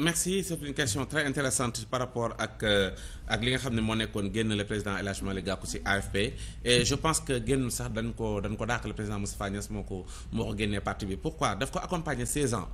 merci c'est une question très intéressante par rapport ak euh, ak li nga xam ne moo nekkoon génn le président El Hadj Malick Gakou ci AFP et je pense que génn sax dañ ko dañ ko dàq le président Moustapha Niass moo ko moo ko génnee parti bi pourquoi daf ko accompagner 16 ans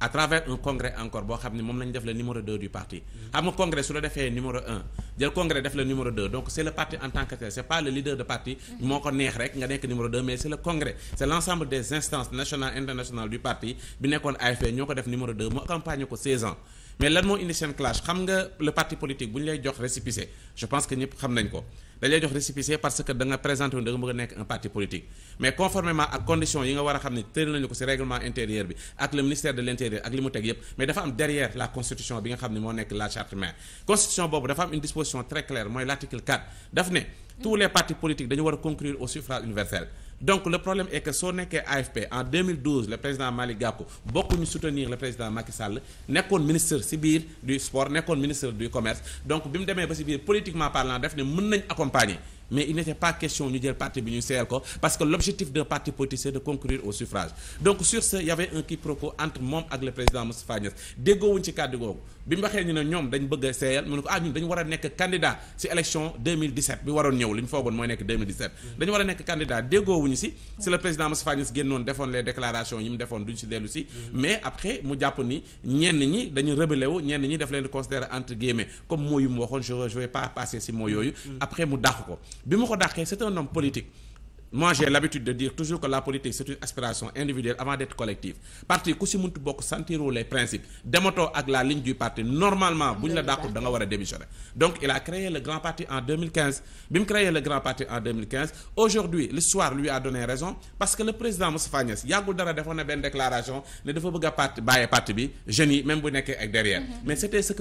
à travers un congrès encore boo xam ne moom lañ def le numéro 2 du parti xam nga congrès su la defee numéro 1 jël congrès def le numéro 2 donc c' est le parti en tant que tel c' le leader de parti moo ko neex rek nga nekk numéro 2 mais c' est congrès c' est des instances nationales internationales du parti bi nekkoon AFP ñoo ko def numéro 2 mu accompagné ko 16 ans mais lan moo indi seen clash xam nga le parti politique bu ñu lay jox récépissé je pense que ñëpp xam nañ ko dañ lay jox récépissé parce que da nga présenté bëgg a nekk un parti politique mais conformément ak condition yi nga war a xam ne tëral nañu ko ci règlement intérieur bi ak le ministère de l'intérieur ak li mu teg yépp mais dafa am derrière la constitution bi nga xam ne moo nekk la charte mère constitution boobu dafa am une disposition très claire mooy l'article a conclure au donc la problème est que soo nekkee AFP en 2012 le président Malick Gakou bokkuñu soutenir le président Macky Sall nekkoon ministre ci biir du sport nekkoon ministre du commerce donc bi mu demee ba ci biir politiquement parlant def ne mën nañ accompagner. mais il n'était pas question ñu jël parti bi ñu seeyal ko parce que l'objectif d'un parti politique c'est de concourir au suffrage donc sur ce il y avait un entre moom ak le président Moustapha Niasse déggoowuñ ci kàddu googu bi mu ñu ne ñoom dañ bëgg a seeyal mu ne ko ah ñun dañu war a nekk candidat ci élection 2017 bi waroon ñëw li ñu foogoon mooy nekk 2017 dañu war a nekk candidat déggoowuñu ci si le président Moustapha Niasse génnoon defoon les leen di bi mu ko dàqee c'est un homme moi l'habitude de dire toujours que la politique c'est une aspiration individuelle avant d'être collective parti ku si muntu bokk sentiroo les principes dematoo ak la ligne du parti normalement bu ñu la dàqul da war a démissionner donc il a créé le grand parti en bi mu créé le grand parti en aujourd'hui l'histoire lui a yàggul dara defoon na benn déclaration ne dafa bëgg a parti bàyyi bi jeunes yi bu nekkee ak derrière mhm. mais c'était ce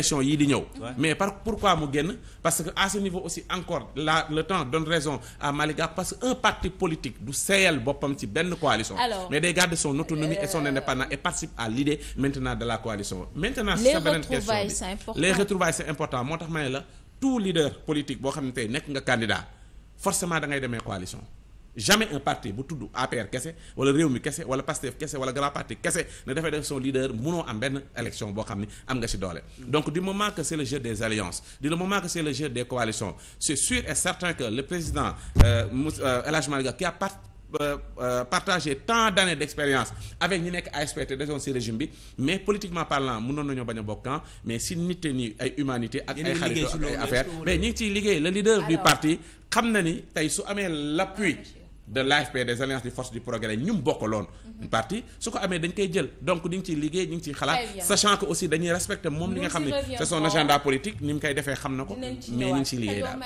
élection yii di ñëw mais par pourquoi mu génn parce que à ce niveau aussi encore la le temps donne raison à Malick Gakou parce que un parti politique du seeyal boppam ci benn coalition mais day garder son autonomie et son euh, indépendance et participe à l'idée maintenant de coalition maintenant sa beneen question bi les retrouvailles important moo tax ma ne la tout leader politique boo xam ne tey nekk nga candidat forcément da ngay demee coalition jamais un parti bu tudd APR kese wala réew mi kese wala Pastef kese wala grand parti kese ne dafay def son leader munoo am benn élection boo xam ne am nga ci doole. donc du moment que c'est le jeu des alliances du moment que c'est le jeu des coalitions c'est sûr et certain que le président euh, euh, El Hadj Malick qui a part Euh, euh, partager tant d'années d'expérience avec ñi nekk ASPT desoon ci régime bi a bokk mais si nit ñi mais ñi ngi ciy liggéey le leader Alors, du parti xam na ni tey su amee l'appui ah, de l'AFP des alliances des forces du progrès ñu mu bokkaloon. Mhm. parti su ko amee dañ koy jël donc ñu ni ciy liggéey ñu ngi ciy xalaat. sachant que aussi dañuy respecter moom li nga xam ne c'est son agenda politique ni mu koy defee xam na ko. mais ñu ngi ciy liggéey daal.